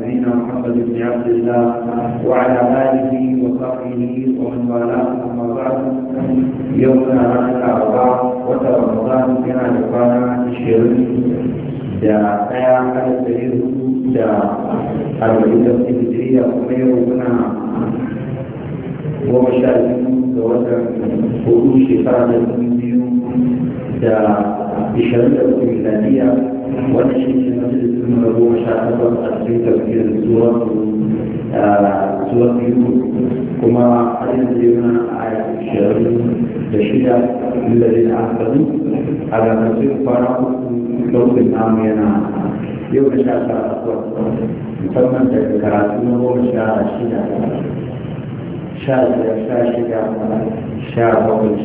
نبينا محمد بن عبد الله وعلى آله وصحبه ومن والاه أما بعد يومنا هذا الأربعاء وترمضان كان لقانا الشيرين دا حياه على السرير دا أربعين تفسير هجرية ومير ومنا ومشاهدين دوتا وكل شيطان المؤمنين دا ishirin da uku miladiya wanda shi ne majalis numar goma sha takwas a cikin tafiyar suratu suratu yusuf kuma hadin da yana a da shida milladin asali a ranakun kwana lokacin namu yana yau da sha takwas musamman da karatu na goma sha sha biyar sha shida sha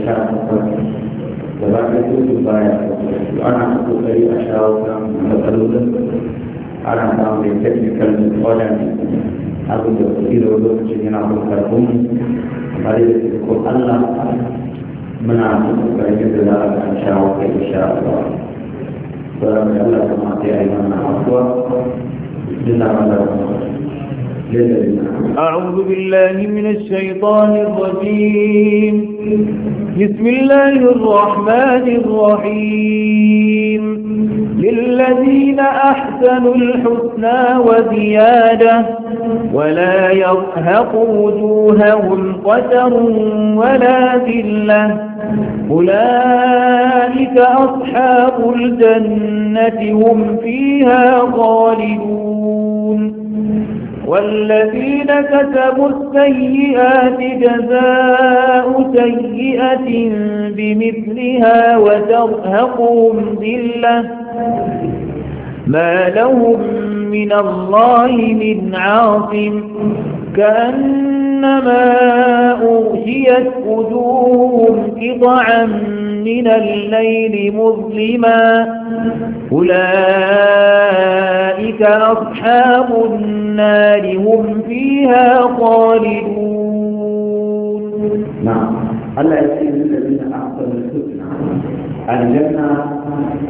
sha da ba ta baya ana kokari a shawo kan matsalolin ana samun mai technical order abin da kuɗi da wani yana kuma karfin kamar yadda ko Allah muna kokarin da za a shawo kai insha Allah sauran da Allah kuma sai a yi mana afuwa duk da أعوذ بالله من الشيطان الرجيم بسم الله الرحمن الرحيم للذين أحسنوا الحسنى وزيادة ولا يرهق وجوههم قتر ولا ذلة أولئك أصحاب الجنة هم فيها خالدون والذين كتبوا السيئات جزاء سيئة بمثلها وترهقهم ذلة ما لهم من الله من عاصم كأن إنما أغشيت أجوهم قطعا من الليل مظلما أولئك أصحاب النار هم فيها خالدون نعم ألا يسير الذين أحسنوا الحسنى الجنة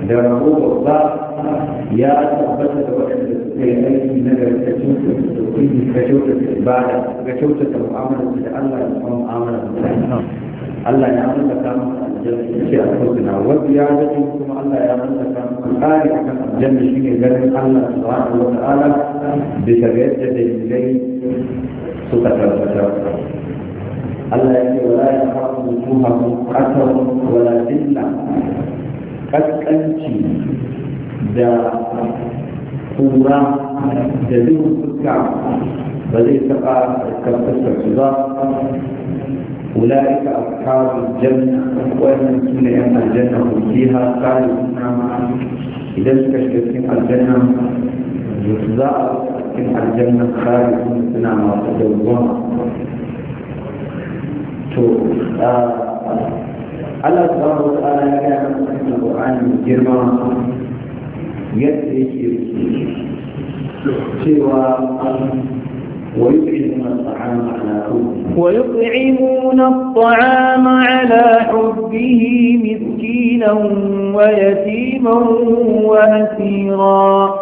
دربوا الضغط يا ثبت وإن kai aiki na garka kyautata tauhidi ka kyautata ibada ka kyautata mu'amalar da Allah ya kuma mu'amalar mutane Allah ya mallaka maka aljanna yace a kauna wa ziyadati kuma Allah ya mallaka maka kare akan aljanna ne garin Allah subhanahu wa ta'ala bisa ga yadda dalilai suka tabbatar Allah ya ce wala ya hafu mutuhahu qatar wala illa kaskanci da kura da duhun fuska ba zai taɓa karfasar su ba أولئك أصحاب الجنة وأن سنة الجنة هم فيها خالدون إذا استشركتم الجنة يجزاء الجنة خالدون سنة ما تدوم to Allah subhanahu wa ta'ala ya ga cikin Qur'ani girma yadda ويطعمون الطعام على حبه مسكينا ويتيما وأسيرا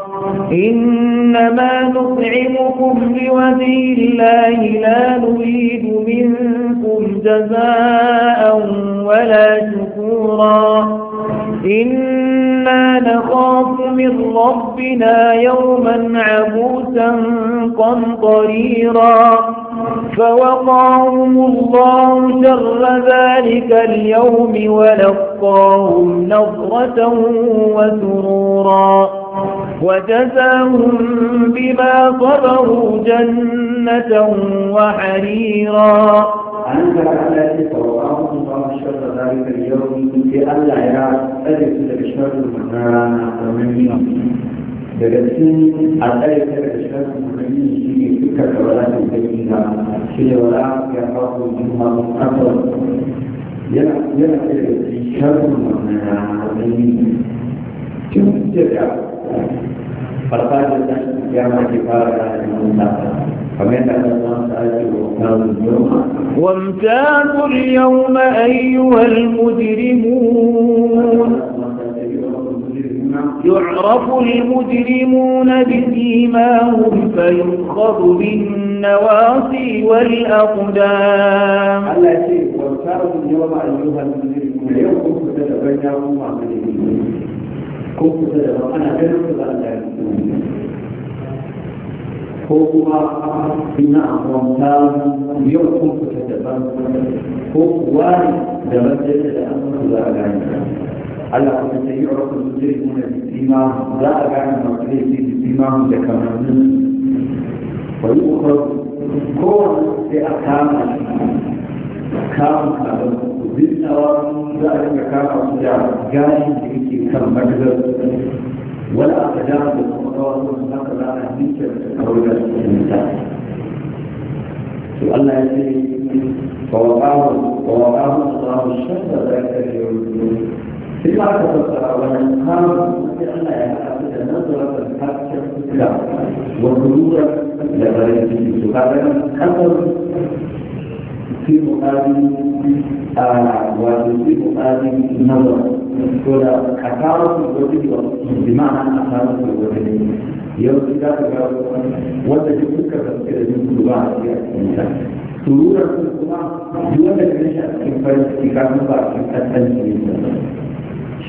إنما نطعمكم بوجه الله لا نريد منكم جزاء ولا شكورا إنا نخاف من ربنا يوما عبوسا قمطريرا فوقعهم الله شر ذلك اليوم ولقاهم نظرة وسرورا وجزاهم بما صبروا جنة وحريرا أنزل الآيات التوراة وأنزل الشر ذلك اليوم في أن لا يرى أدرك الشر من المؤمنين بجسم الآيات الشر المؤمنين في تلك الولاة البينة في الولاة يخاف منها أفضل يلعب الشر من المؤمنين وامتازوا اليوم أيها المجرمون يعرف المجرمون بسيماهم فينخذ بالنواصي والأقدام وامتازوا اليوم أيها المجرمون يوم ko kusa da ba ana ganin su ba da ko kuma ina amfanta yau kun fita daban ko kuwa ne da majalisa da an mutu za a gane Allah kuma sai yi rasu su jiri muna bima za a gane masu laifi da bima da kamannin wani ukar kowane sai a kama shi kama kamar binnawa za a rika kama su da gashin da yake kan magagar wala a ka jama da kuma kawar su haka za a hince da kawar da su da to Allah ya ce فوقاهم فوقاهم الله الشر ذلك اليوم في بعض الفترة والأنهار لأن يحدد نظرة الحق والنور لغيره سبحانه أمر في مقابل آه، وفي مقابل نظر ولا أثارة الوجود بمعنى أثارة الوجود يوم كتاب وجد فكرة فكرة من كل بعض في الإنسان سرورا في القرآن يوجد نشأة في فرد في كامل بعض في التنسيق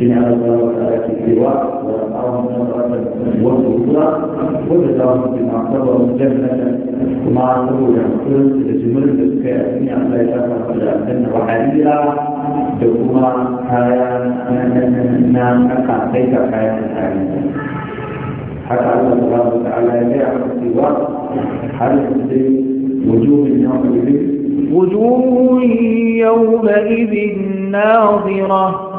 شين هذا الله تعالى في السواء وأعوان نظرة والأخرى وتدعون بما صبر الجنة ومع صبر الحصول لجمل الأسكاء في أعلى شفاء الجنة وحريرة دوما كايان نام أقع بيت كايان الحريرة حتى الله سبحانه وتعالى يعلم السواء حريرة وجوه يومئذ وجوه يومئذ ناظره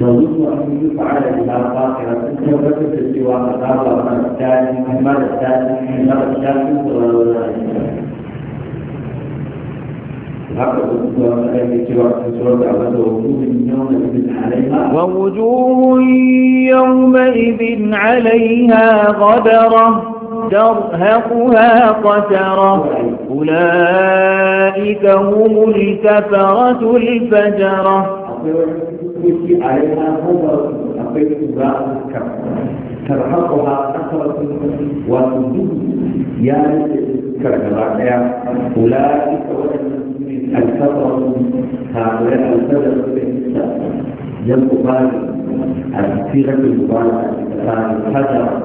تظن أن يفعل بالعقاقرة تثبت السوى أقاب من الثاني من مر الثاني من مر الثاني ووجوه يومئذ عليها غبرة ترهقها قترة أولئك هم الكفرة الفجرة تؤتي عليها نظرة أبيت راسك ترهقها كثرة وتدب يعني يا كرجلاتها أولئك الكثرة هؤلاء الكثرة جمع قال الصيغة المبالغة هذا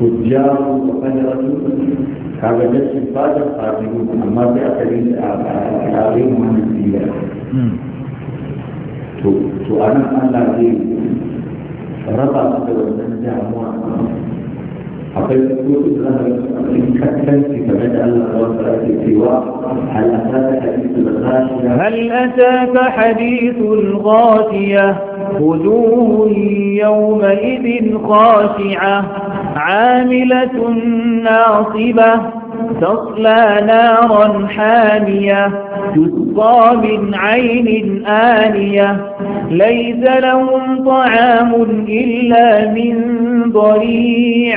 تجار وفجرة هذا جسم فاجر خارجون أما بأسرين الآخرين من السيئة سؤالنا الذي ربط بالمن جامع حقيقة كتب لها من كتن في الله وفرات السواء هل أتاك حديث الغاشية هل أتاك حديث الغاشية خذوه يومئذ خاشعة عاملة ناصبة تصلى نارا حامية تسقى من عين آنية ليس لهم طعام إلا من ضريع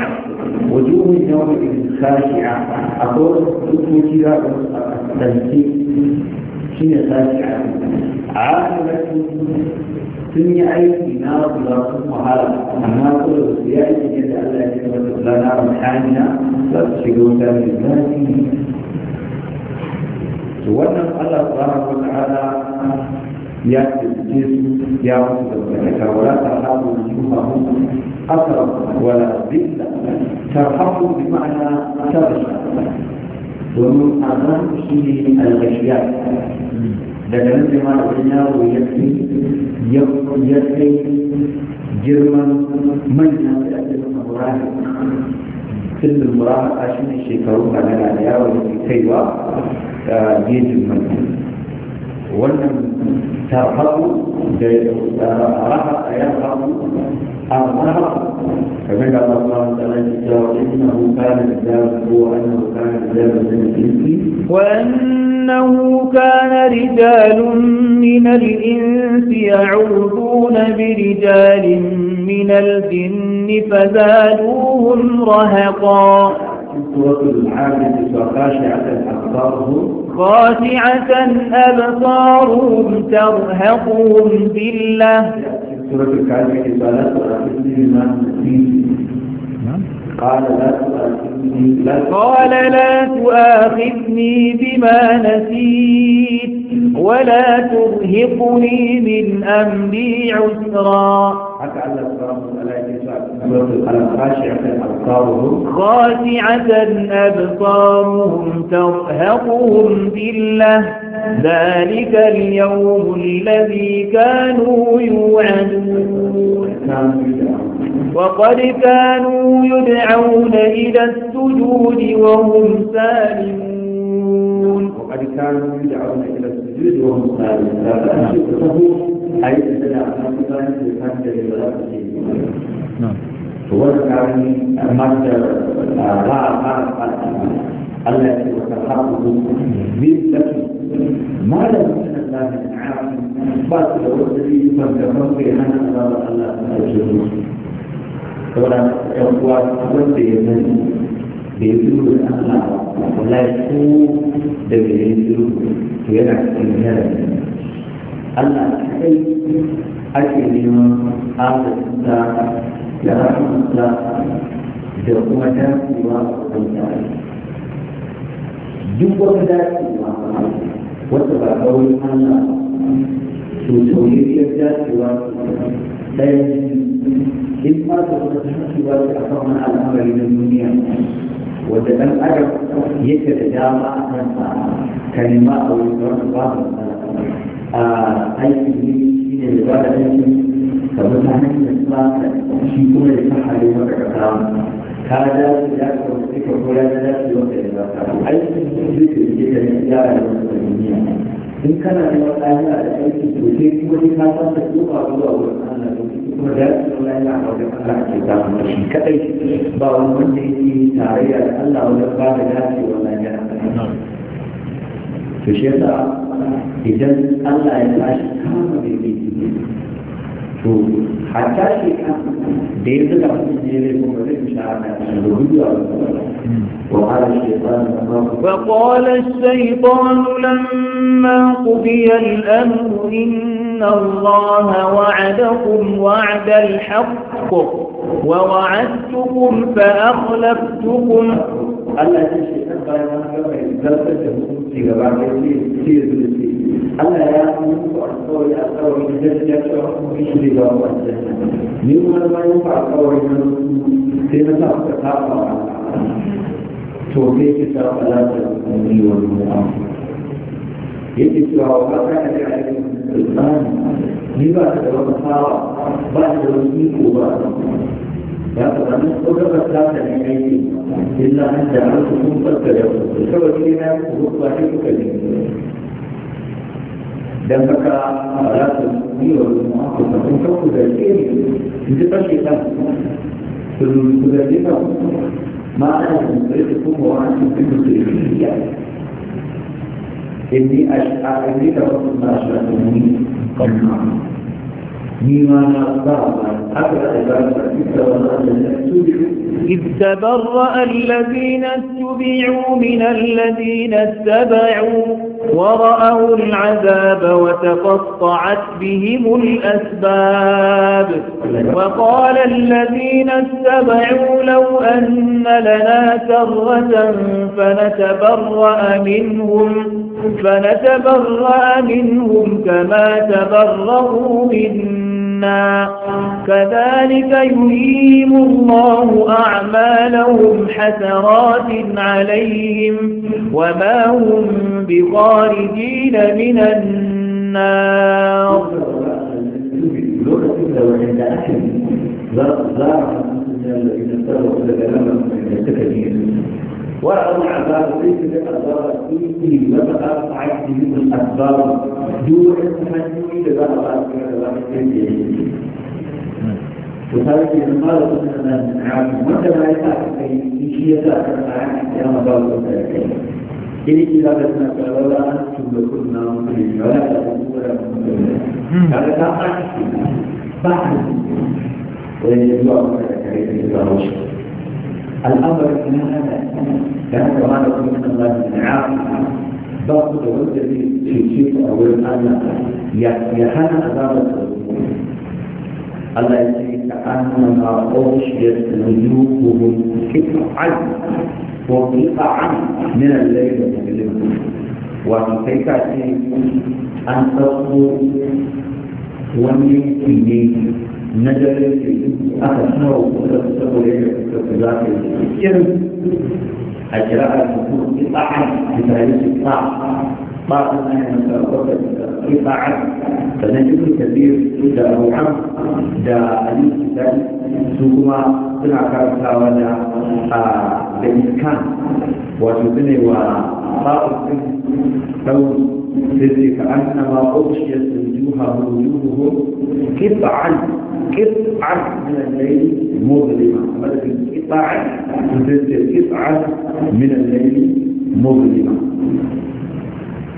وجوه النوم خاشعة أقول اسم كذا التنسيق شنو خاشعة عاملة sun yi aiki na kula sun wahala amma kuma da su yi aiki yadda Allah ya ce wata kula na ruhaniya za su shiga wuta mai zafi to wannan Allah subhanahu wa ta'ala ya tsaye su ya wasu da baraka wala ta haɗu da jumahu asara wala zilla ta haɗu bi ma'ana ta rasha domin azan shi ne alghashiya daga nan sai ma wani yaro ya kai ya kai girman manya da ake nuna murahi sirrin muraha shi ne shekaru balaga da yaro da ke kaiwa da gejin manya wannan tarhabu da raha a yarhabu a raha kamar da Allah subhanahu wa ta'ala ya ce wa innahu kana rijalun wa annahu kana rijalun min al-insi wa أنه كان رجال من الإنس يعوذون برجال من الجن فزادوهم رهقا سورة خاشعة أبصارهم ترهقهم بالله سورة الكعبة صلاة ورحمة الله نعم. قال لا تؤاخذني بما نسيت ولا ترهقني من أمري عسرا حتى الله سبحانه وتعالى يسوع خاشعة أبصارهم ترهقهم ذلة ذلك اليوم الذي كانوا يوعدون وقد كانوا يدعون إلى السجود وهم سالمون وقد كانوا يدعون إلى السجود وهم سالمون a yi da sada amma su ba da kan da ba za su ce to wani kawai amma ba a fara fara Allah ya ce wa karhaku bi lafi ma da mutum da ba su da wani dalili ban da ban kai hana azaba Allah ta ce musu saboda yan uwa wanda ya sani da ya zuru da Allah wallahi ko da bai zuru to yana cikin yara Allah kai ake neman agarinsa da rahama da kuma dacewa a wajen tare. Duk wata dacewa wata ba kawai Allah to tauriyar dacewa ɗaya in ma da wata dacewa da akan wani al'amari na duniya wanda ɗan adam yake da dama a kansa kalima a wajen wani babu aiki ne shi ne da ba da ka mutanen da shi kuma da ta hali maka ka samu ka da su ya ka wuce ka ko ya da su wata da za ka aiki ne da ke da ya da wata duniya in kana da wata yana da aikin to sai kuma sai ka san da duba zuwa wurin Allah to kuma da su Allah yana da Allah ke samu shi kadai ba wani wanda yake tarayya da Allah wajen ba da dacewa na yana to shi yasa idan Allah ya tashi kama da mai to وقال الشيطان وقال الشيطان لما قضي الأمر إن الله وعدكم وعد الحق ووعدتكم فأخلفتكم الذي الشيطان قال Allah ya muku alƙawari alƙawari da gaskiya cewa kuma shi zai ba mu aljanna ni kuma na bayan ku alƙawari na sai na sa ku ta ba to sai ki ta fara da ni wani mu'am yake cewa ba ka da ayyukan sultani ni ba ta da wani tawa ba ta da wani iko ba ya faɗa mun ɗaukar ta ta ne aiki illa an da an su kun farka da ku kawai ne na ku ba ta kuka ne dan haka za su yi wa mu'afu da kun kawo da ke ne in ji fashe kan su su da ke kan ma ana yin sarki kuma wa an cikin su da iya inni ash'a inni da wasu na ash'a ni kan ni ma na ba ba haka da ba ta da wannan su biyu إذ تبرأ الذين اتبعوا من الذين اتبعوا ورأوا العذاب وتقطعت بهم الأسباب وقال الذين اتبعوا لو أن لنا كرة فنتبرأ منهم, فنتبرأ منهم كما تبرأوا منا كذلك يهيم الله أعمالهم حسرات عليهم وما هم بخارجين من النار لا لا إذا استوى كلامنا من التكليف ورأوا العذاب ليس بالأسباب فيه لما أصعد من الأسباب دون التحدي لبعض وذلك من قال سبحانه من عام وكما يتعرف في شيء يتعرف عن احترام بعض الذكرين إن إذا بدنا فلولا أنتم لكنا مسلمين ولا تكونوا ولا مسلمين هذا كان عكس بعد ويجب الله على كريم الله الأمر من هذا كان وهذا من الله من عام ضغط الوزن في الشيء أو الآن يهانا أدارة الله يسير كأنما أغشيت وجوههم قطعا وقطعا من الليل والليل وكيف أن تصبر ومن نجل في aka sawa kuma saboda yadda suka fi za su yi irin a kira'ar mutum ifa'an misali su ta. ba su na yin sarrafa da ifa'an sannan ibn kabir da abu da ali kitan su kuma suna karantawa da da iskan wato su ne wa فاء لون ذي كأنما أغشيت وجوههم وجوههم قطعا قطعا من الليل مظلمة ولكن قطعا قطعا من الليل مظلمة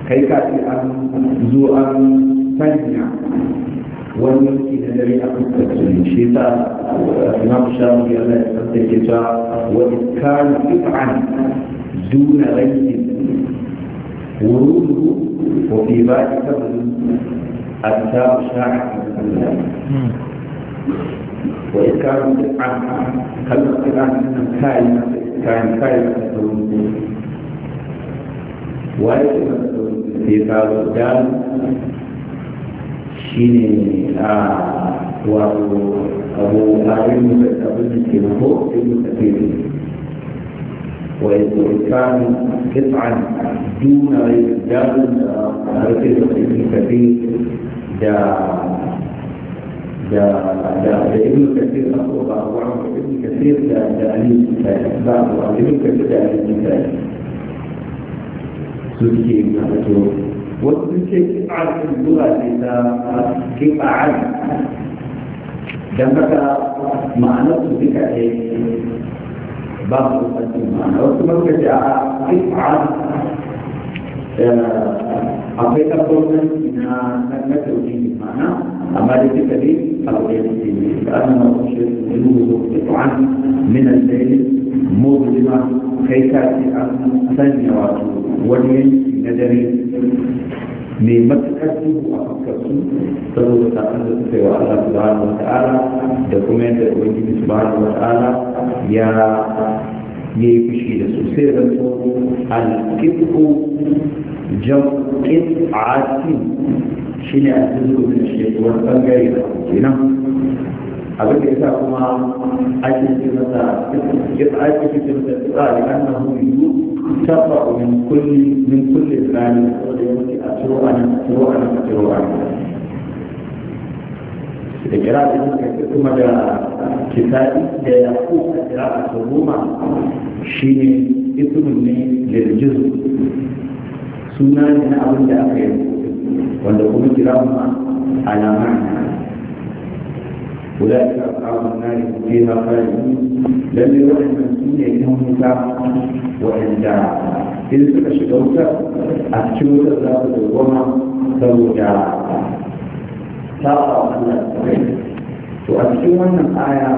كي كاتي أن ذو أن تنيا wani yanki na dare a kan shi ta imam shafi Allah ya san take ta wa kan if'an duna rayyi wurudu wa fi ba'i kabri hatta sha'a wa kan if'an kalmar if'an nan kai kan kai waye ne da ke faru da shine a wato abu a yin abin da ke mako in muka teku wa yi tsoron kitsan duna rai dalin da harfe da ibn kafin da da da da ibn kafin a ko ba wa ibn kafin da da ali ba wa ibn kafin da ali su ke wato وتسكت عن اللغة كيف عن دمك معنى بك بعض المعنى وتمك كيف عن akwai tabbatar na na tauhidi ma'ana amma da duka dai akwai tauhidi da an na kushe da duhu da tu'an min al-layl mudlima kai ka ce an sanya wato wani yanki na dare mai matuƙar duhu a fuskarsu saboda sa'an da suka yi wa Allah subhanahu wa ta'ala da kuma yadda ubangiji subhanahu wa ta'ala ya ya yi fushi da su sai da su alkitku jam'in cikin shi ne a cikin ɓangare da abin da yasa kuma ake ce masa ya ake ce masa tsira da annahu yu tafa min kulli min kulli tsari saboda yawanci a ciro ana ciro ana ciro ana da kira da suka kuma da kitabi da ya a kira a tsoroma shi ne ismin ne lirjiz suna ne na abin da aka yi wanda kuma kira kuma alama أولئك أصحاب النار فيها خالدين لم يروح من سنة إنهم نتاق وإنجاع إذا سنة شكوتا أحكوتا ذات الغمى فوجاع تارا من الأسفل وأحكوما من آية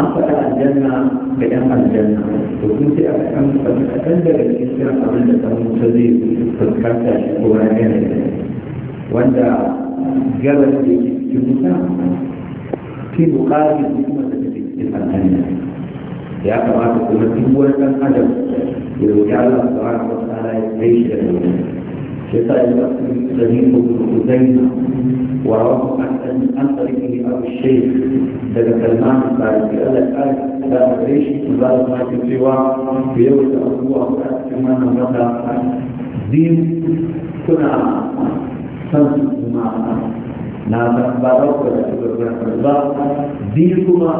أنت الجنة بأم الجنة وكنت أحكم فتأتند الإسلام قبل أن تنصدي فتكتش قرآنين وأنت قبل الإسلام cikin bukari da kuma da ta fi ya kamata kuma cikin wani kan adam da zai ya zama kuma a wata ala ya kai shi da zai shi sa yi wasu da ni ko kuma zai wa wasu an an tsari ne a wuce daga kalman da ala ya da a gare shi ku cewa ku da abubuwa ku a cikin wannan wata biyu kuna san su kuma na san ba za ku da shi ba biyu kuma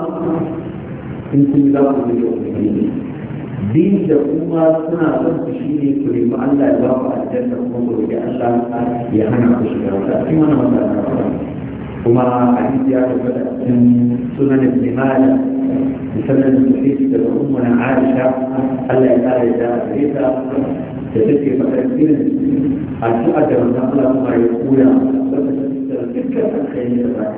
in kun za ku yi ubangiji din da kuma suna son ku shi ne ku nemi Allah ya ba ku aljanna kuma ku roƙi Allah ya hana ku shiga wata cikin wannan wannan kuma hadisi ya tabbata cikin sunan ibn Majah misalin da take daga umman Aisha Allah ya kare da Aisha da take fadar irin addu'a da manzon Allah kuma ya koya السيدة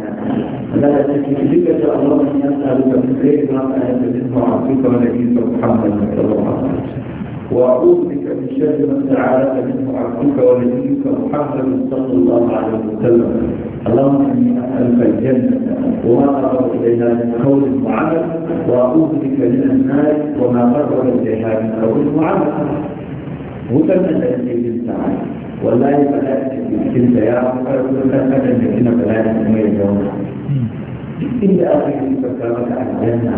لا تكفيك الله أن يسألك بخير ما عبدك ونبيك محمد صلى الله عليه وسلم وأعوذ بك من شر ما استعاذك منه عبدك ونبيك محمد صلى الله عليه وسلم اللهم إني أسألك الجنة وما قرب إليها من قول وعمل وأعوذ بك من النار وما قرب إليها من قول وعمل هدى من الذي تعالى wallahi ba za ta cikin da ya farko kan kadan da kina ba za ta kuma ya zauna duk inda aka yi baka maka aljanna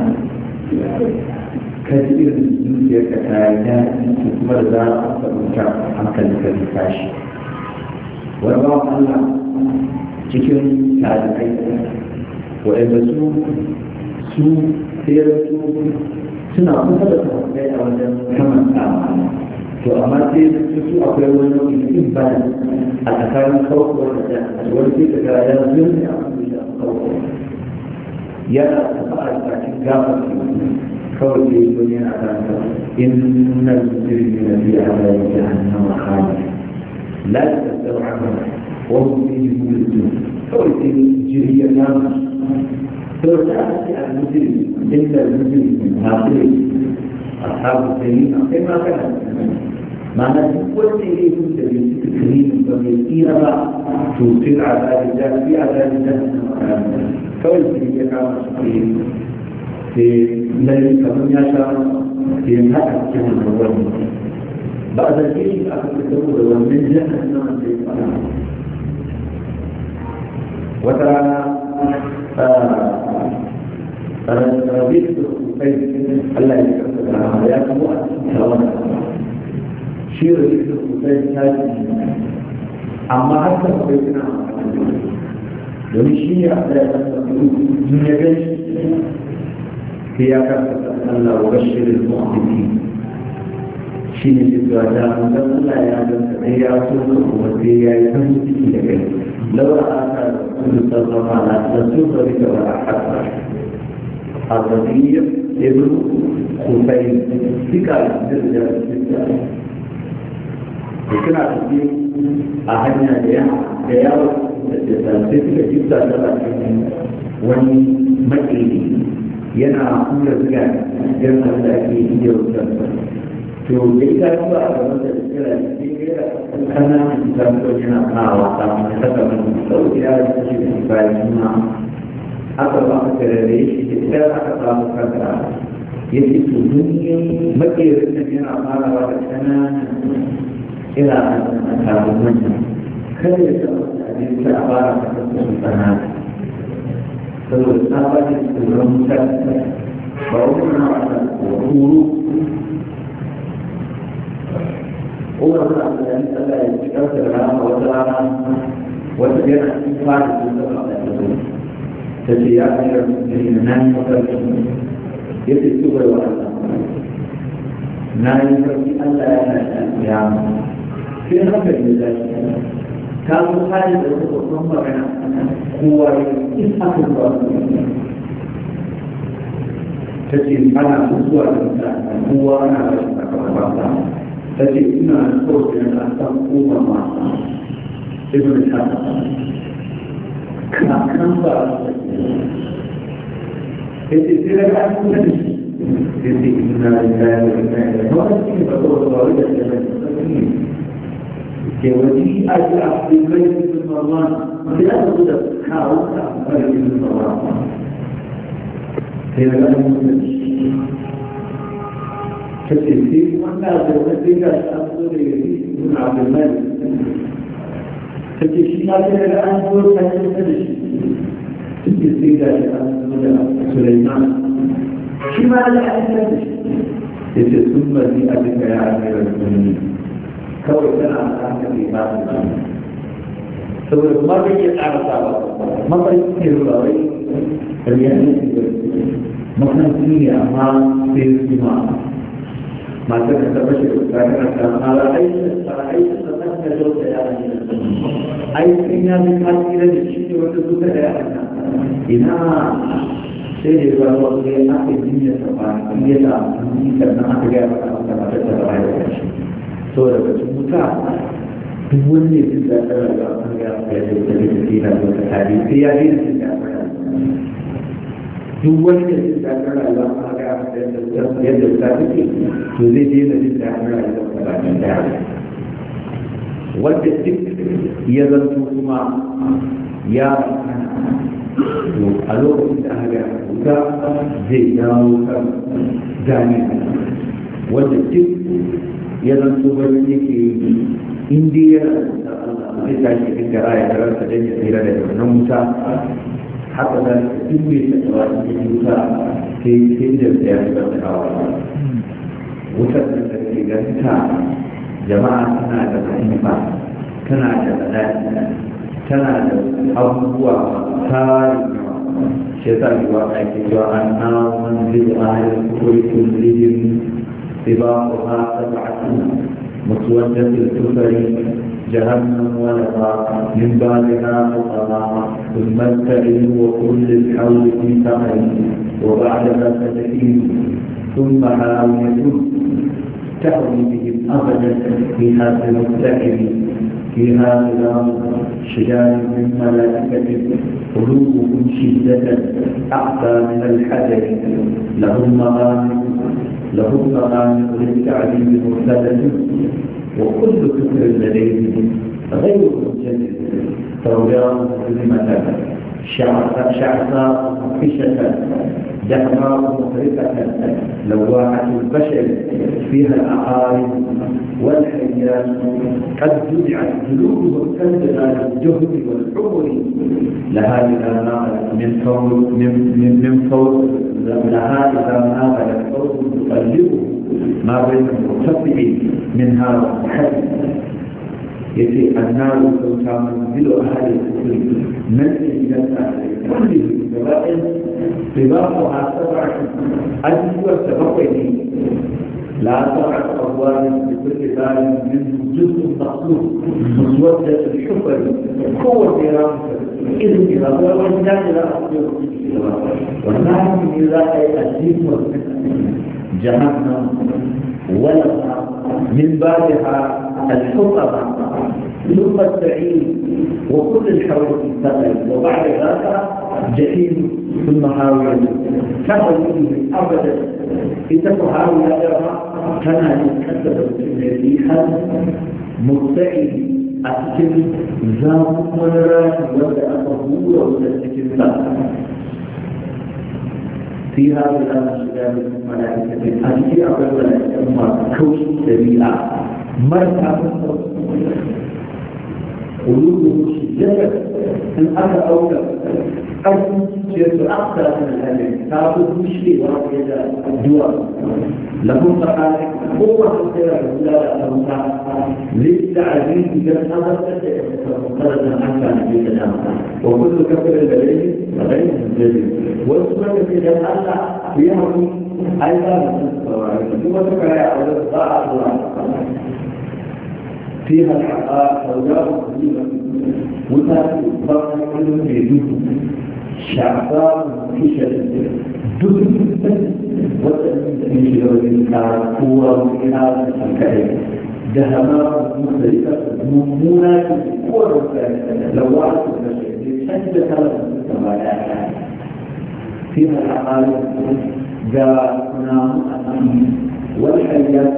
ka ji irin zuciyar ka ta yi daɗi kuma da za a fahimta hankali ka ji tashi wani ba Allah cikin talibai waɗanda su su tsere su suna kusa da talibai a wajen kamar tsamani to amma sai su akwai wani nau'in in ba a tsakanin kawai da ta wani sai daga ya zuwa ne a kawai ya taɓa a tsakanin gafar kawai da yi zuwa yana kanta in na jirgin na biya a bayan jihannama kawai la ta tsaro a kawai wani sai yi zuwa kawai sai jirgin namu sau da ake a mutum inda mutum na ashabu sayyid akwai ma kana ma'ana duk wanda ya yi da bai ci tikiri ba bai tsira ba to fil azabi da fi azabi da kawai sai ya kama su sai sai haɗa cikin wani ba a zarge wata rana رضيت بالخفين الله يكرمك يا ابو شير رضيت بالخفين amma har ta kawai suna domin shi ne a tsaye kan in ya gan shi ya kasa Allah wa bashirin mu'amiki shi ne shi ta mutan Allah ya gan ka ɗaya ya yi da kai laura aka da na da su a الربيع ابن خفين حكاية درجة suna tafi a hanya da yawa da sai suka jibta da bakin wani makili yana hura zuga yan da ake yi da wutar to da ita ba a gaban da tsira ne kira kananan tsarkon yana kawo samun sakamakon sauƙi ya rikici da bayan suna aka ba ka tarare shi da ita aka samu kanka ya ce to duniyan makerin nan yana farawa da ƙananan ina a samu manya kada ya samu tsanin ta a fara da kansu tsanani saboda tsabarin tsoron mutane ba wani na wasa ko huru Umar bin Abdullahi Allah ya ci ƙarfi da rama wata rana wata yana cikin fara da zuwa da zuwa ta ce ya fi shafi na yi mafarki ya ce su wa na yi mafarki ya na shi ya haka ne da shi ta zo hali da su babban magana kowa ya yi haka zuwa ta ce ana zuwa da ta kowa na da shi sakamakon ta ce ina so da na san kuma masu ibn shafi كودي أجل عبد الملك بن مروان وخلال الغدر حاول عبد الملك بن مروان هنا لا يمكن فالتسليم والناظر والذي لا تأخذ يزيد بن عبد الملك kace shi ma sai daga an zo ta yi ta da shi suke sai da shi an zo da Sulaiman shi ma da an ta da shi yace sun bari a duka ya amira sunni kawai tana ta ne ba su saboda kuma bai iya tsara sa ba mafarki ne ruwa wai riya ne ke mafarki ne amma sai su ma matar da ta bashi da ta kana ta ala aisha ta aisha da ta da ta ya ne ai sai ya zai tasira da shi ne wata duka da ya ina sai da ruwa wasu ya na ka yi ya saba in ya yi sannan aka gaya ba a saba ta saba ya kashi so da bacin wuta duk wani ne sun da tsara da an gaya ba ya zai tafi da ke ta wata sai ya yi sun da duk wani ne sun da tsara da an gaya ba ya zai tafi da ke to zai je da sun da tsara da wata tari wanda duk ya zanto kuma ya a lokacin da aka wuta zai dawo kan gani wanda duk ya zanto wani yake indiya zai tashi cikin gara ya karanta don ya tsira da wannan wuta haka da duk mai tattawa cikin wuta sai sai da ya fi tattawa wutar da ta ke ganta jama'a tana da masifa tana da bala'i tana da abubuwa tarin شيطان يوقعك وأنها منزل أهل الكفر كلهم سباقها سبعة مسودة الكفر جهنم ولها من بعدها أخرى ثم التعين وكل الحول في ثمر وبعدها سجحين ثم هاوية تهوي به أبدا فيها بمبتعد فيها هذا الشجار من ملائكة قلوبهم شدة أعطى من الحجر لهم مغامر لهم مغامر للتعليم مرتبة وكل فكر لديهم غير مجدد فوجاهم كلمة شعثاء فشة دمار مفرقة لواحة البشر فيها الأعارض والحيات قد جمعت تنزل على الجهد والحمر لها إذا ناقلت من فوق من من من فوق لها إذا ناقلت فوق تقلبه ما بين المرتفع منها والحد يجي النار سوف منزل أهل الكفر منزل جنة كل الكبائر رباطها سبعة أجل وسبقه لا سبعة أبواب لكل باب من جزء مخصوص مسودة الحفر قوة إيران إذن إذا ضرب الإنسان لا أصدر جهنم من بعدها الحطمة ثم السعيد وكل الحوادث الثقل وبعد ذلك جحيم ثم هاوية كما يجب أبدا إذا هاوية يرى كما يتكسب الريحة مرتعي أكتب زامرة ولا أطهور ولا أتكل في هذا الأمر الملائكة أتكل أبدا الملائكة كوش سبيعة قلوبهم شجاعة أن أتى أولى أو جئت أكثر من الأمن تعبد مشكلة وهي الدول لهم فقالك قوة الخير لا أوسع للتعزيز إذا هذا مفترض أن أنفع في الكلام وكل كفر البلد غير مجدد والسنة في ذلك يهرب أيضا من الصواعق ثم تكرر على الطاعة فيها الحقائق سوداء قليلة وتاتي فرق كل يدوب شعبان كشل دب وتأمين في جوال كاركورة وكارة الكريم دهمات مختلفة ممونة كورة لوعات المشاهدين شدت على المجتمع فيها الحقائق ذا نام والحياة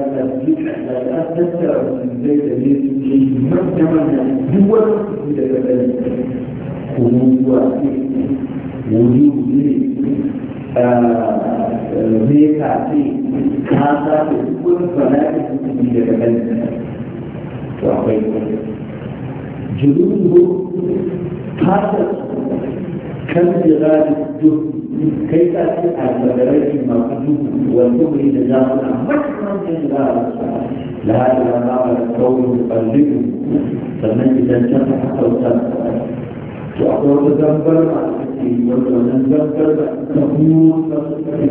تستمتع بالبيت الذي مكتمنا دول متكبلة وموضوع وجود آه، ميكا في كاسا في كل صلاة متكبلة جلوده كاسا كالجغاد كيف تفعل بدرجة المقصود والكبر لجاهنا مكرا من الله لهذا الأمر القول يقلبه فمن إذا او صوتا وأقول ذنبا وذنبا تقول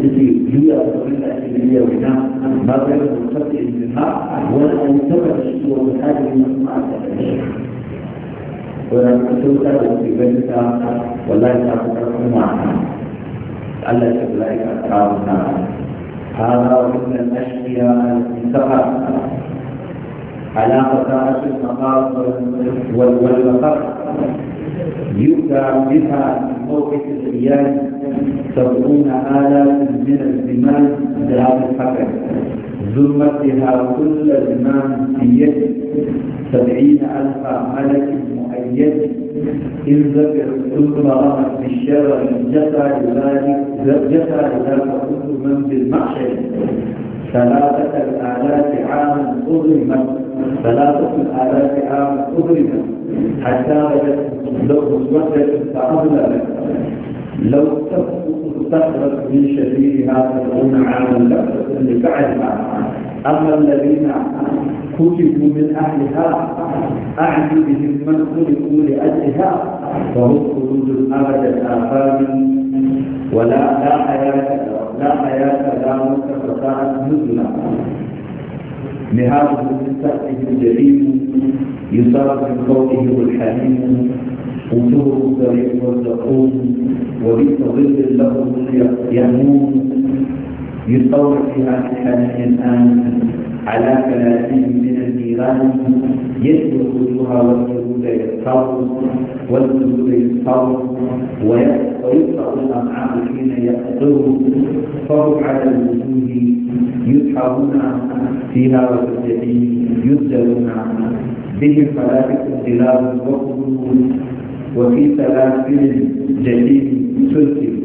كثير هي الطريقة الشرعية وهنا ما بين المستقبل بالماء ولا أن تبع الشيء ومحاكم المسموعات ولكن تشوف هذا في بيتك والله تعرفون معها ألا أولئك أصحاب هذا من الأشقياء انتهى على قطاعة المقام والمقر يؤتى بها من موقف الريال سبعون آلاف من الزمان ذهاب الحكم ظلمتها كل زمان في يد سبعين ألف ملك المؤيد إذ ذكر الحكم رمت بالشرع جفى لذلك جفى لذلك كل من بالمحشر ثلاثة الآلاف عاما أظلمت ثلاثة الآلاف عاما أظلمت حتى وجدت له وحدة فأظلمت لو تسقط من شريرها تكون عاما لا تكون لبعدها أما الذين كتبوا من أهلها أعني بهم من خلقوا لأجلها فهم خلود ابد آفاق ولا لا حياة لا حياة لا موت فساءت نزلا لهذا من سأله الجليل يصاب من الحليم وجوههم فريق يرزقون وبئس ظل لهم يهمون يطور هذه الحاله الآن على ثلاثين من النيران يسلو خدوها والجلود يسطر والجلود يسطر ويسطر الأمعاء حين يقطر فهم على الوجوه يسحبون فيها وتسجدين يسجدون بهم فلا تكن ظلال وقلوب وفي سلاسل جديد سلسل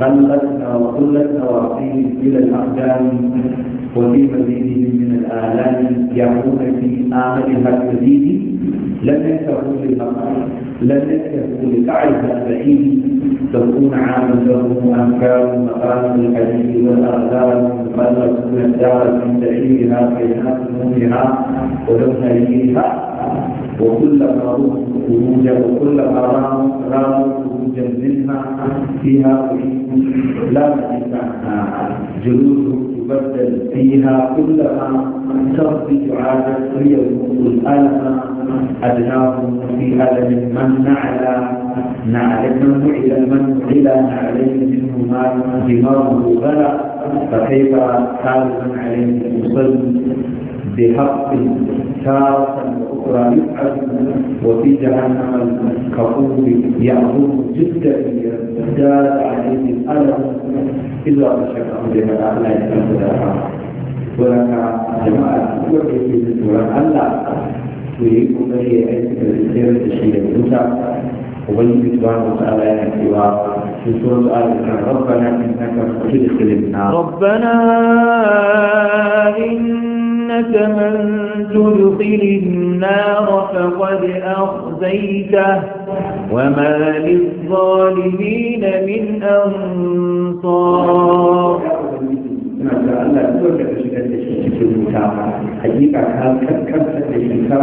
غلت وقلت نواقيه الى الاقدام وفي مزيد من الالام يعود في اخرها الجديد لم يكتفوا للمقام لم يكتفوا لتعرف البعيد تكون عاما لهم انكار مقام الحديث والاغلال بل من الدار من بعيدها كينات نومها ولون ريحها وكل روحوا خروجا وكل رام رام خروجا منها فيها لا مجلس عنها جلوسه تبدل فيها كلها تربي عادة هي الألم أدناهم في ألم من نعلى نعلم إلى من إلى نعلم منه ما دماغه غلا فكيف حال من عليه المصلي بحق تارة أخرى يفعل وفي جهنم الكفور يعظم جدا يزداد عليه الألم إلا بشكل بما لا يتمنى ولك جماعة وكيف يزدون ألا ويكون لي أيضا السيرة الشيء الموسى وبين سبحانه وتعالى الانتواء في سورة آل عمران ربنا إنك تدخل النار ربنا إن إنك من تدخل النار فقد أخزيته وما للظالمين من أنصار حقيقة كان كان كان الإنسان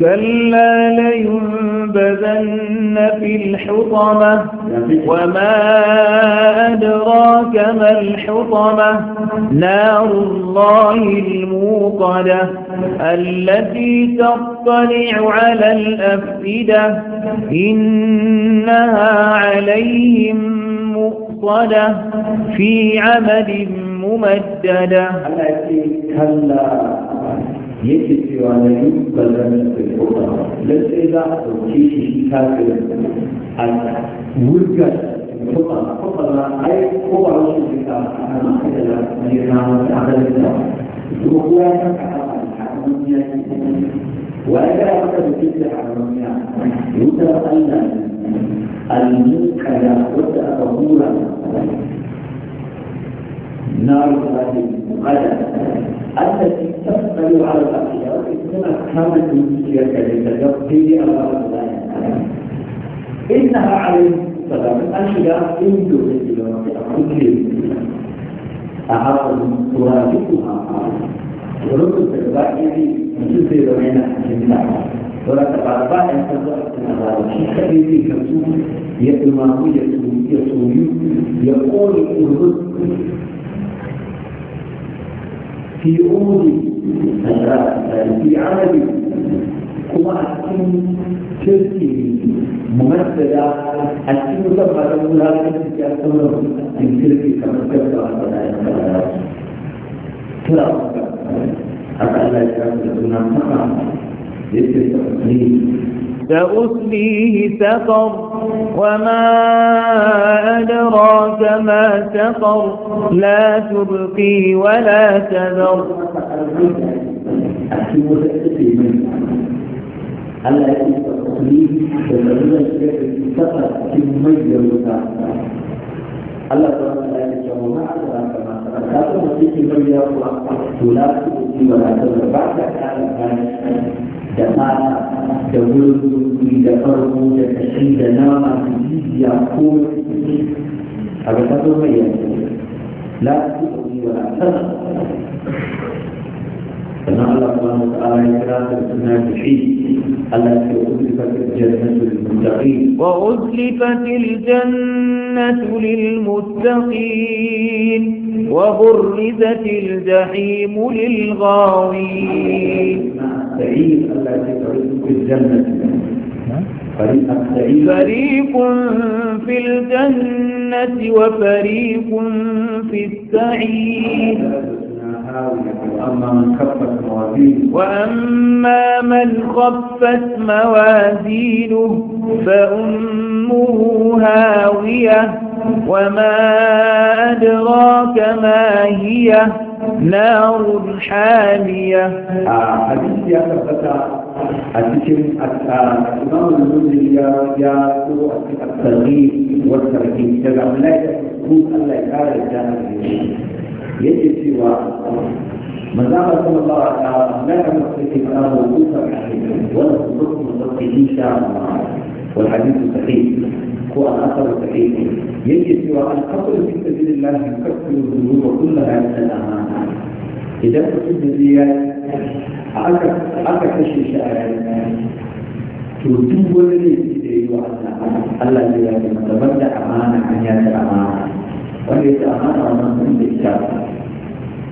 كلا لينبذن في الحطمة وما أدراك ما الحطمة نار الله الموقدة التي تطلع على الأفئدة إنها عليهم مؤصدة في عمد ممددة كلا yake cewa na yi bazan da lalle za a ɗauke shi kafin a wurga kuma kuma na ai ko ba wasu ne ka ana maka da ne na wani adalin da kuma kowa ya saka a hannun ya ke wa ya ga maka da ke da hannun ya wutar allah al-munkara wadda aka hura na rubuta ne mukada التي تقبل على الأقيار كما كانت المسيرة لتلقي الله إنها عليه السلام أشياء إن تبدل في أحد ترافقها ورد الترباء يعني مثل رمينا جميعا ولا تقاربا أن تضع التنظار الشيخ الذي يكتب يتمام يتمام يتمام يقول الرد في أمور sanda da fi arabi kuma a cikin kirki mumaddada a cikin zabarin wuraren da ya kuma cikin kirki kamar kyauta a da ya kama kira a kan lafiya da suna sama yake tafi ne سأسليه سقر وما أدراك ما سقر لا تبقي ولا تذر هل أتيت أصليه سأسليه سقر في مميز الله تعالى الله تعالى da fata da gurgurguri da farko da kashi da nama da jijiya ko a ga tazo mai yanzu la su ɗauki wa كما الله تعالى وتعالى يكرم الناجحين التي أزلفت الجنة للمتقين وأزلفت الجنة للمتقين وبرزت الجحيم للغاوين سعيد التي تعز الجنة فريق في الجنة وفريق في السعيد وأما من خفت موازينه فأمه هاوية وما أدراك ما هي نار حامية آه، حديث يا الذكر الإمام المنزل يا يا الترغيب تبع ملائكة الله يكارك جانب يجب yake cewa دام صلى الله عليه وسلم لا تستطيع أن موقوفا عليه ولا تستطيع ان شاء الله والحديث صحيح هو الأثر صحيح يجب سوى القتل في سبيل الله يكفر الذنوب كلها من الأمانة إذا كنت مزيا أكا كشي شاعر تردو ولدي سيدي وعلا الله يجب أن تبدأ أمانة عن يد أمانة wanda yake amana wannan sun da ita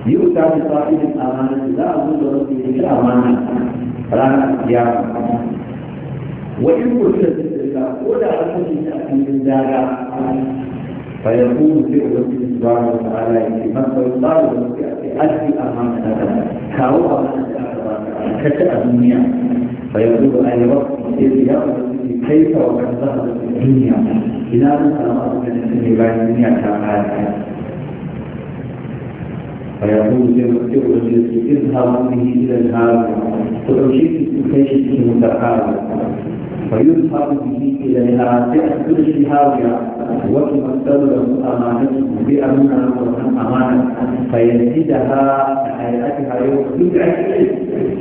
yi wuta da fa'idin amana za a zuwa wasu da ita amana ranar ya wajen kurta da tsirka ko da an kashe ta a cikin daga فيقوم في ربه سبحانه وتعالى يتمم ويطالب بألف أمام الأدب كاو أمام الأدب كتأ الدنيا فيقول أي وقت إذ يأخذ ce kai ka wa kansa da duniya ina zan samu abin da take bayan duniya ta kare فيقول سيمتعه بالرزق اذهبوا به الى الهاب وتوشيك في كيش المتحاب فيذهب به إليها تأكل هاوية وتمثل له أمانته بأمانة أمانة فيزيدها حياتها يوم يدعى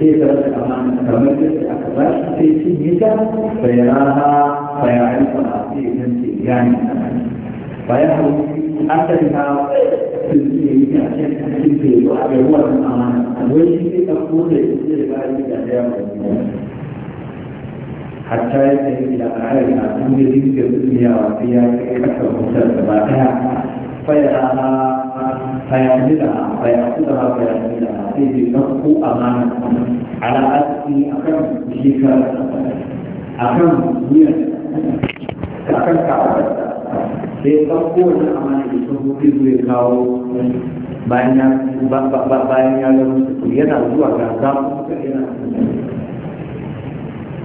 كيف الأمانة تمجد أكبر في سنك فيراها فيعرفها في نفسه يعني فيحرم أثرها في السنة في السنة الأمانة ويجب أن تكون لإسرائيل بعد ذلك hatta ya kai ila ƙarar na tun da jirgin duniya wasu ya kai ƙasar mutar da ba ɗaya faya ana faya nila faya kuda ha faya nila sai dai na ku mana. ala asiri akan shekar akan wuyan akan kawar sai ɗan kowane amana da sun hutu zai kawo bayan ya bayan ya yana zuwa ga zaɓuɓɓuka yana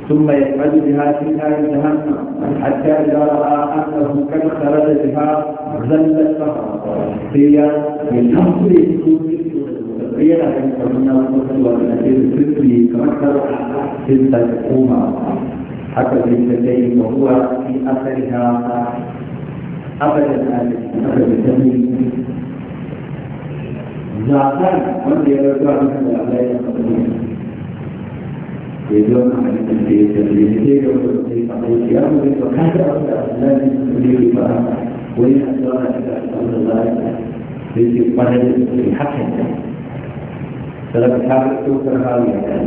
ثم يفعل بها في نار جهنم حتى اذا راى انه قد خرج بها ذلت هي من هي في الفكر تمثل تلك الحكومه حتى بالنسبتين وهو في اثرها ابدا ابدا زعفان يجوز عليك في التدريسية والتدريسية وحتى أصلا في الفرق وإن أصلا أصلا الله في قدر في حقه فلم تحاول توفر هذه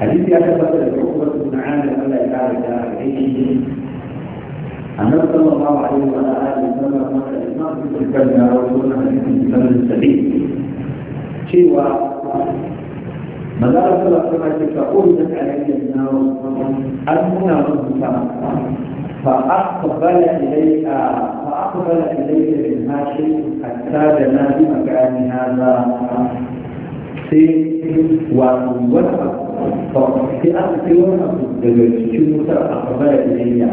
حديث هذا بدل عقبة بن عامر ألا يعرف عليه أن صلى الله عليه وعلى آله وسلم قال الإمام في الكلمة رسولنا من السبيل شيء ما لا رسول الله كما تلك أردت علي النار أننا ربك فأقبل إليك فأقبل إليك منها شيء حتى دنا بمكان هذا sai wato wani abu sai aka kai wani abu daga cikin wutar a kamar da ya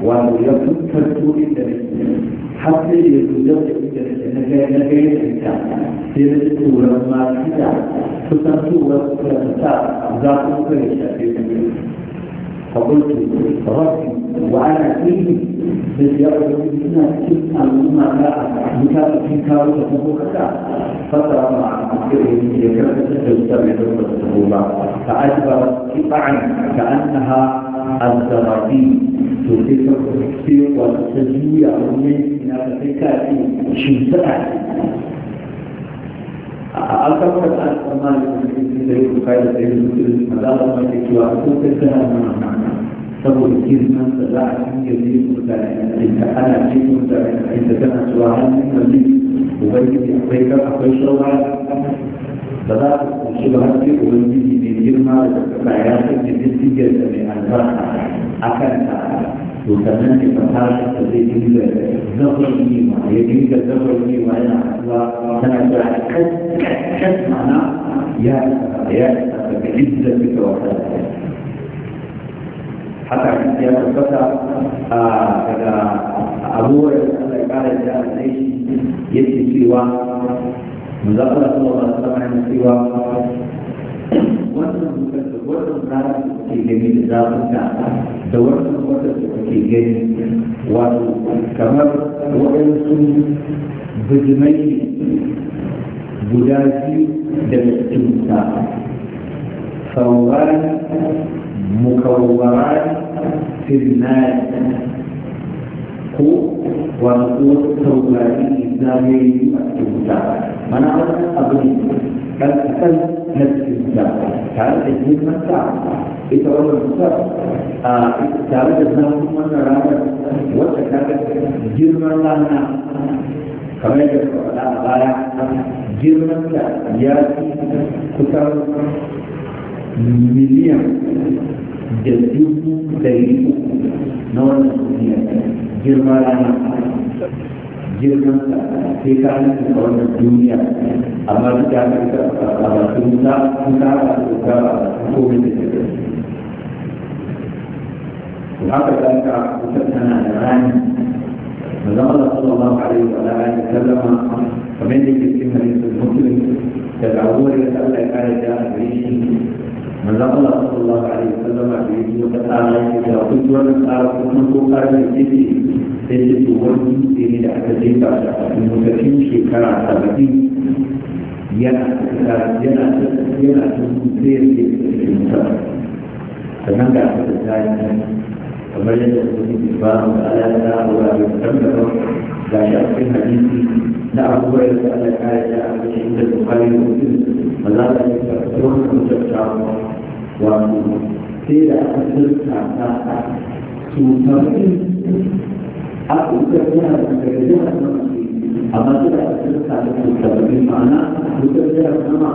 wato ya fitar turin da har sai ya zujar da فقلت ربي وانا فيه بزياره الناس كيف المما لا مكان في كارو تقوم فترى مع مكره يكره تستمع الله فأدبرت قطعا كأنها الزراعي تثير التسفيق والتسجيل من Ina da sai ka ce shi tsada an kawo da an tsammani da cikin da yau kai da sai da maza da mai da cewa ko kai kana saboda kirman da za a cikin da yau da da ana cikin da da tana cewa hannun da ne ubangiji akwai kan akwai shawara ba za ku kunshi ba har sai ubangiji mai girma da kasa ya sanya dukkan da mai albarka akan ta وكمان الفتاة تزيد الزفر دي يزيد الزفر دي وانا انا كت كت معناه يا يا بعزة وحدة حتى في سياق الفتى كذا أبوه قال جاء العيش يجي سوى مذاكرة صلى الله عليه وسلم سوى wannan mutum da wannan tsarin da ke gani da zafin da da wannan wata kuke gani wato kamar waɗansu bijimai guda biyu da cikin sa sauran mukawwaran filnari ko wato wasu saurari zagayi a cikin mana wani abu ne الأقل نفس الساعة تعالى تجميل من ساعة يتولى المسار تعالى تجميل من رانا وتكالك جرم لنا kamar yadda ka faɗa a baya girman da ya kusan miliyan da dubu na girman sai ka halitta a wannan duniya amma duk da haka a bakin na kuka ba su ka ba da ke to haka dan ka kuka tana da rani manzon Allah sallallahu alaihi wa alihi sallama kamar da ke cikin hadisin muslim daga da Allah ya kare da a gare shi manzon Allah sallallahu alaihi wa sallama da yake wata tsara yake da kuma tsara kuma ko kare da yake sai ce wani ne da aka jefa da a lokacin shekara saba'in yana yana yana tuntun ya sannan ga aka kamar yadda wani ba da ala ta abuwa da ga shi a cikin hadisi na abubuwa da ala ta yi da aka ce da bukari da ba za yi sai da aka ta su Aku bekerja dengan kerja sama seperti ini. Apa tidak terasa dengan kerja mana? Bekerja sama.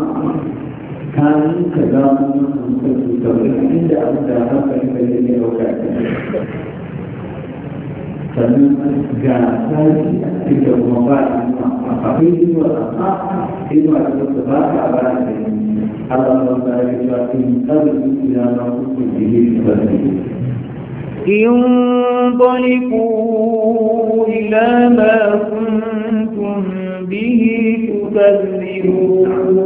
Kami sedang untuk kerja ini tidak ada apa yang kerja ini lakukan. Jadi gagal tidak mengubah apa ini buat apa? Ini adalah sebab keadaan ini. Alhamdulillah kita tinggal di dalam kubur ini seperti ini. انطلقوا إلى ما كنتم به تكذبون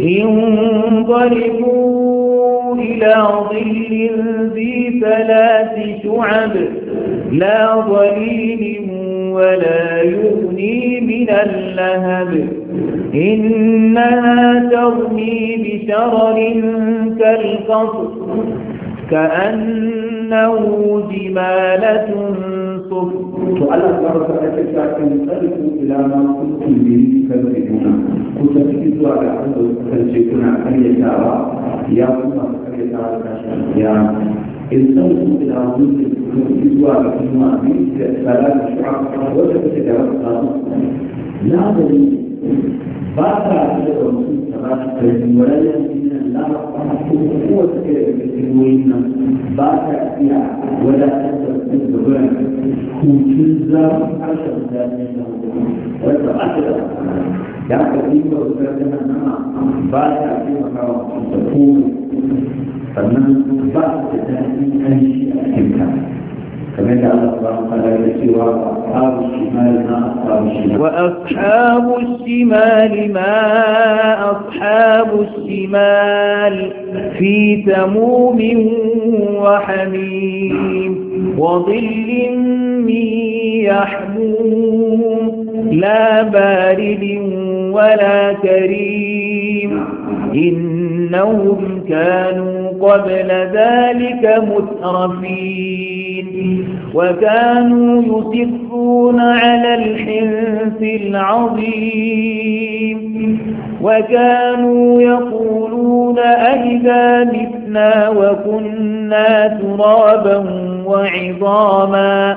انطلقوا إلى ظل ذي ثلاث شعب لا ظليل ولا يغني من اللهب إنها ترمي بشرر كالقصر كأنه جمالة صف فألا تبارك أتشاك انطلق إلى ما كنتم به تكذبون كنت تكذبوا على أنه تكذبون عن يا كما تكذبوا على يا انطلقوا إلى ما كنتم تكذبوا على كما به ثلاث شعب وتكذبوا على لا دليل باقى أشياء ومسيح تبارك ولا يمكن لا رفعه قوة كثيرين باقى أشياء ولا تستطيع الظلم كوتشزا عشر ذلك وتبعشر يا كثير وسلم أنا باقى أشياء تكون فمن باقى تتعلم أي شيء أكثر كما الله وأصحاب الشمال ما أصحاب الشمال وأصحاب الشمال ما أصحاب الشمال في تموم وحميم وظل من يحموم لا بارد ولا كريم إنهم كانوا قبل ذلك مترفين وكانوا يصرون على الحنث العظيم وكانوا يقولون أئذا متنا وكنا ترابا وعظاما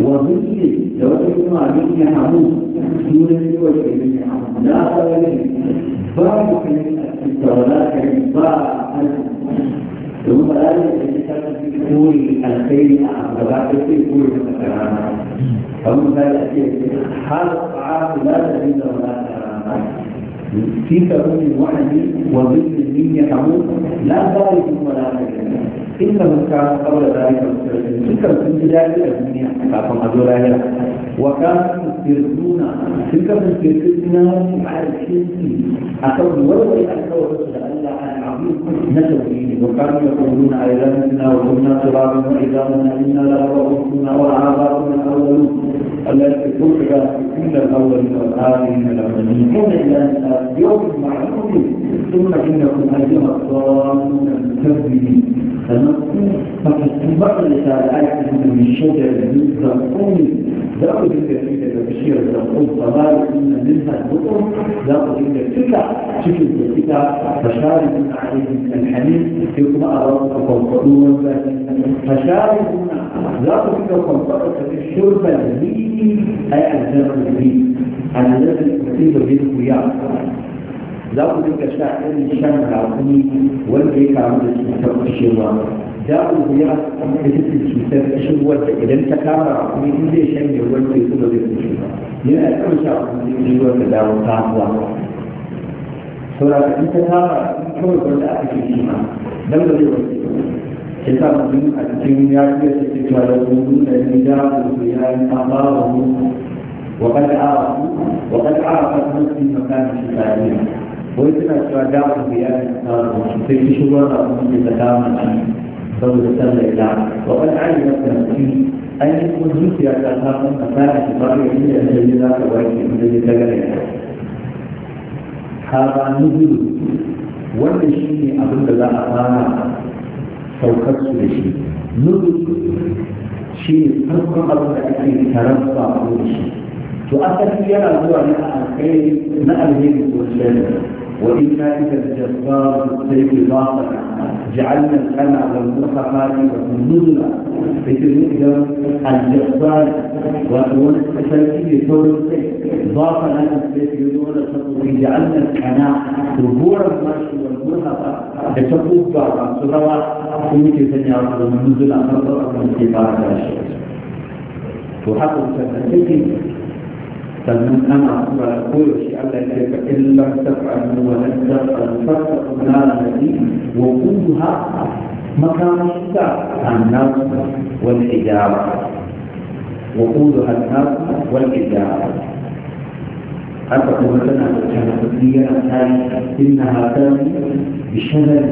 ومثل لو تكون عليك حمود دون الوجه من حمود لا قبل فارق الدولات الانطاع ثم لا يتجسد في طول الخير وبعد في طول الكرامات فمن ذلك حرق عاقل لا تزيد ولا كرامات في كرم وحدي وظل من يحمود لا بارد ولا كرامات إن من كان قبل ذلك مسترسلين تلك الاستجابة الدنيا كافم أزول آخرة وكانوا يسترسلون تلك الاسترسلين مع الشيء أقول ولو أنه ألا الله العظيم نتوين وكانوا يقولون أيضانا وكنا ترابا وإذانا إنا لأرواحنا وآباؤنا الأولون التي في كل الأولين والآخرين الأولين كان إلى يوم معلوم ثم إنكم أيها الضالون المكذبين المذكور في بعض لتعالى من الشجر من زرقوم ذاك ذكر فيك تبشير زرقوم فبارك إن منها البطر ذاك ذكر فيك شكل فيك فشارب عليهم الحليم يقوم أراضك فوقعون فشارب ذاك ذكر فوقعك الشرب الذي أي الزرق الذي الذي أصيب به الخيار za ku dinga sha irin shan rakuni wanda ya kamu da cutar kushewa za ku yi da cikin cutar kishirwar da idan ta kama rakuni in zai shanye wanda ya kuma zai kushe ba yana kan sha kuma kishirwar da dawo kafuwa saboda in ta kama kawai wanda aka ke shi ma dan ba zai wasu ya sa mutum a cikin ya fiye da cikin malamu da ni da ku ya kama wa mu وقد عرفوا وقد عرفت نفسي مكان الشفاعية wai suna cewa damar da ya yi tsaro sai shi shi ruwan abu da ta damar a saboda sallar ila wa wani ayi na kanci an yi kuma zuciya ta samun a tsarin shi ba ya yi da yanzu za ka wani da ya daga da ya haɓa nuhuru wannan shi ne abin da za a fara saukar su da shi nuhuru shi ne farkon abin da ake tarar ba da shi to asali yana zuwa a alheri na alheri ko shari'a وإنك الجبار السيف باطلا جعلنا الأمع والمرتقات والنزلة بتلك الجبار وأول التسلسل ثور السيف باطلا السيف يدور الخطوة جعلنا الأمع ظهور المرش والمرتقات تشبه بعض الصلوات كنت تنيا والنزلة فرضا من كبار الشيخ وحق التسلسل sannan ana ba koyaushe Allah ya ce in lam taf'alu wa lam taf'alu fattaqu nar allati wa quduha makamasha an-nas wal hijara wa quduha an-nas wal hijara حتى قولتنا كمسؤولية إنها تأتي بشلل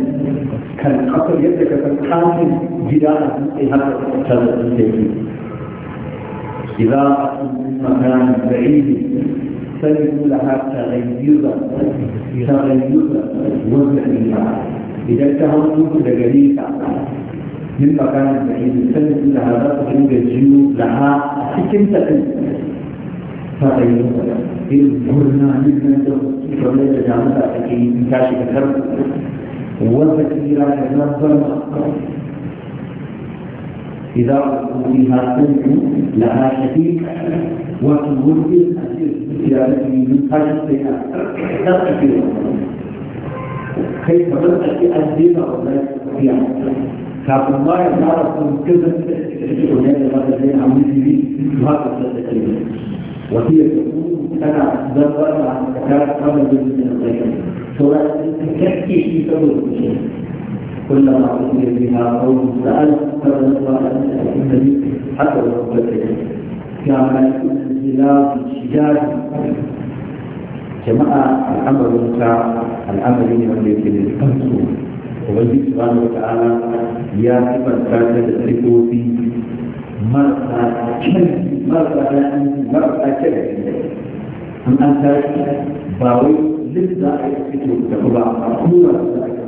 كالقطر يدك كالقاتل جدارا في هذا التنزيل إذا مكان بعيد سلموا لها تغيرا تغيرا وزعيرا إذا اتهمتم لجريكا من مكان بعيد سلموا لها ذات غير الجيوب لها حكم تقل تغيرا البرنا من فليس جامعة أكيد كاشف الحرب وزكيرا يتنظر إذا فيها سمع لها شفيع وتمد الأسير في من خلفها تقفل كيف بدأت الدين ولا أن فقال ما يعرفون كذا هناك غدا زي عمود لي وهكذا تقريبا وهي تقول انا دبرت عن التكالب قبل من الغيب سواء تكفي في سبب الشيء كل ما أتي بها قوم سأل فلن أن النبي حتى ولو بدل كما الانزلاق الشجاج جماعة الأمر بتاع الأمر من في الأنصور وبالله سبحانه وتعالى يا من كان تدركه في مرأة مرأة مرأة كذا أم أنت باوي لسه أكتب تقول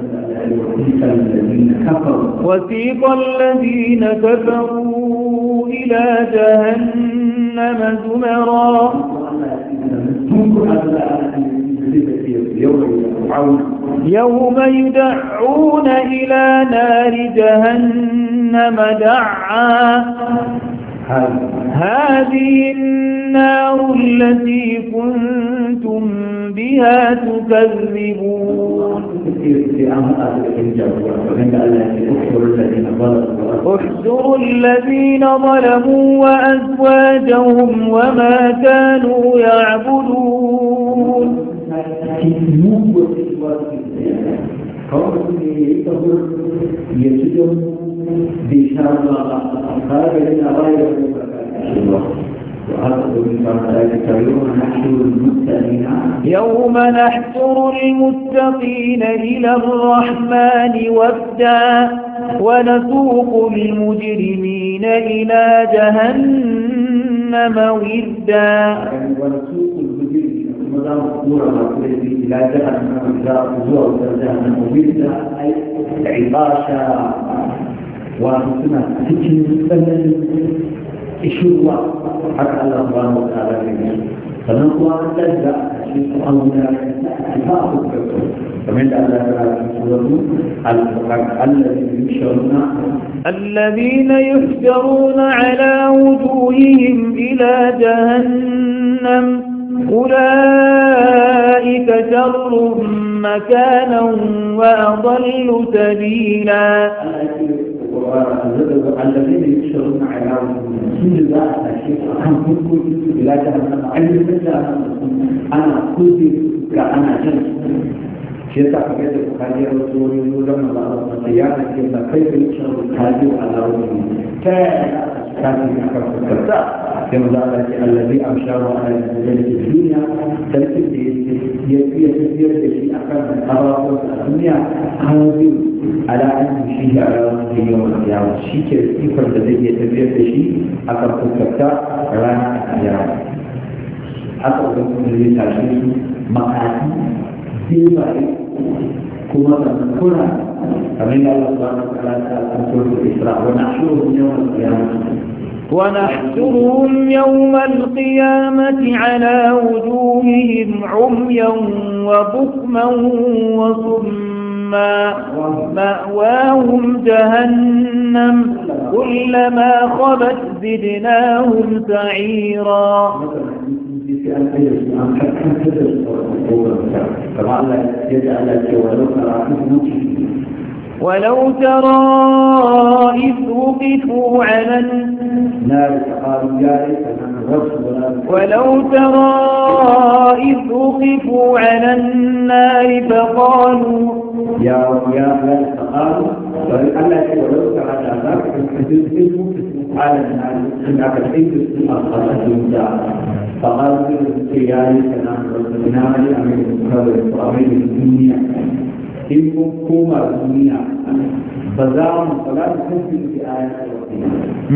وثيق الذين كفروا الذين كفروا إلى جهنم زمرا يوم يدعون إلى نار جهنم دعا هذه النار التي كنتم بها تكذبون احذروا الذين ظلموا وأزواجهم وما كانوا يعبدون يجب بشرط هذا من غير يوم نحشر المتقين إلى الرحمن وفدا ونسوق المجرمين إلى جهنم وردا ونسوق المجرمين إلى جهنم وردا أي عطاشا وربما تكن بلد اشوا حتى الله تعالى فمن هو الذي الذين يفجرون على وجوههم إلى جهنم أولئك شر مكانا وأضل سبيلا الذين يشتغلون على عالمهم من جزاء الشيخ أنا كنت كنت أنا جهنم أي مثل أنا جنس shi yasa kamar da bukari ya rasu wani zuwa maza'ar wata ya na ce na kai da yake bukari a lauyi ta yaya kafin a kan fuskarta sai maza a ce allazi a shawo a yanzu da duniya sarkin da ya fiye tafiyar da shi a kan ababen a duniya an zai ala an yi shi a ranar da yau da yawa shi ke ikon da zai iya tafiyar da shi a kan fuskarta rana a yawa haka wajen kuma zai tashi su ma'aji ونحشرهم يوم القيامة على وجوههم عميا وبكما وصما مأواهم جهنم كلما خبت زدناهم سعيرا ولو ولو ترى إذ وقفوا على النار ولو ترى إذ وقفوا على النار فقالوا يا يا فقالوا طيب، ولو ترى إذ وقفوا على النار فقالوا على أن أكفيت الأخرى الجمجاء فقال في الريال كنا ربنا لأمير المكرر وأمير الدنيا إن كنتم الدنيا فزام فلا تكفي في آية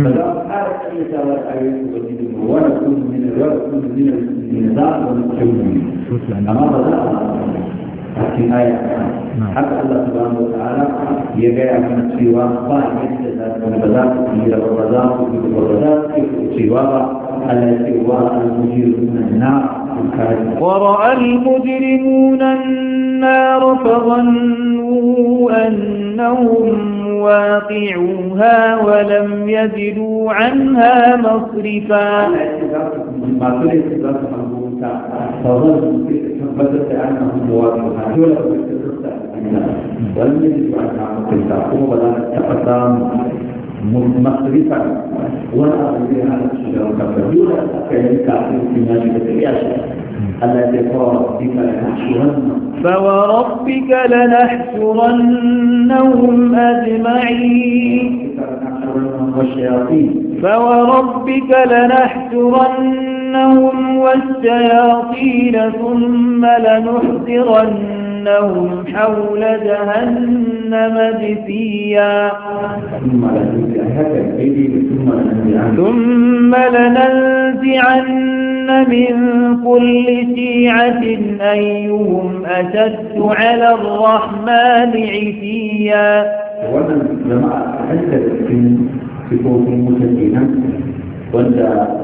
فزام حرك أي سوار آية وجدهم ونكون من الرب من المسلمين ذات ونكون منه أما فزام آية نعم. حتى الله سبحانه وتعالى يبيع من سيوان الله يجد من بذات كبيرة وبذات كبيرة وبذات كبيرة التي هو المجرمون النار ورأى المجرمون النار فظنوا أنهم واقعوها ولم يجدوا عنها مصرفا tsawon da ke tattabbatar da an samu da wani hajjola da ke tattabbatar da an samu da wani hajjola da ke tattabbatar da an samu da wani hajjola da ke tattabbatar da an samu da wani hajjola da ke مصرفا ولا أرضي على الشجرة فدون كذلك أعطيه في ماجدة الياسر التي ربك لنحشرن فوربك لنحشرنهم أجمعين فوربك لنحشرنهم والشياطين ثم لنحضرنهم حول جهنم جثيا ثم لنحضرنهم ثم لننزعن من كل شيعة أيهم أشد على الرحمن عتيا وأنا جماعة حتى في في قوة وأنت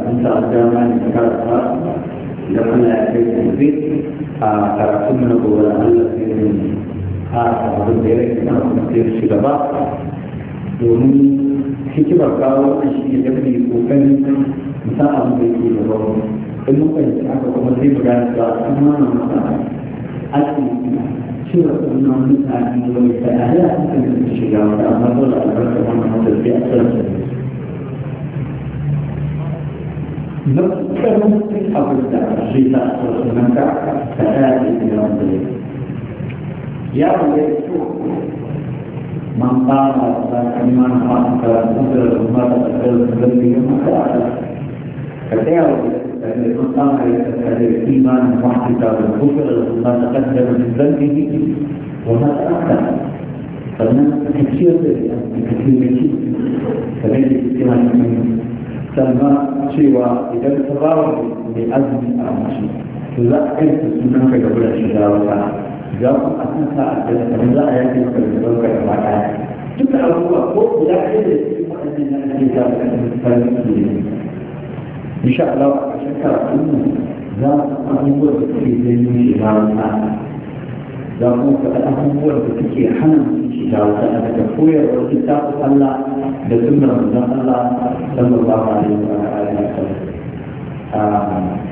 أنت أدامنا كارثة لمن لا يجوز karatun na gobe da Allah sai ne a abin da ya hikimar kawo wannan shi ne yadda ke kokarin musa abin da yake da babu in muka yi haka kuma sai mu gane cewa an mana masa aiki cewa kuma mutane da wani sana'a da aka kan da shiga wata amma dole albarka wannan wanda sai a tsarsa na karamin abin da zai sa a tsarsa nan ka ta ɗaya da ya wanda ya yi maka akan dimanfaatkan untuk membuat agar berlebih kemahiran. Ketel, dan itu tentang ayat iman wahid dalam buku dalam membuat agar berlebih kemahiran. Karena kecil dari yang kecil-kecil. Karena di sisi lain ini. Sama siwa tidak terlalu di azmi al-masyid. Lakin sesungguhnya kepada syedawakah. za ku a kan sa a kan kamar za a yaki maka da ɗaukar da ba ɗaya duka abubuwa ko guda ɗaya da su waɗannan na ake sa a kan farin ciki ne insha Allah a ƙarshen karatu za mu san abubuwan da suke janyo shiga wata za mu faɗa abubuwan da suke hana da wata daga koyarwar littafin Allah da sunnar Allah sallallahu alaihi wa sallam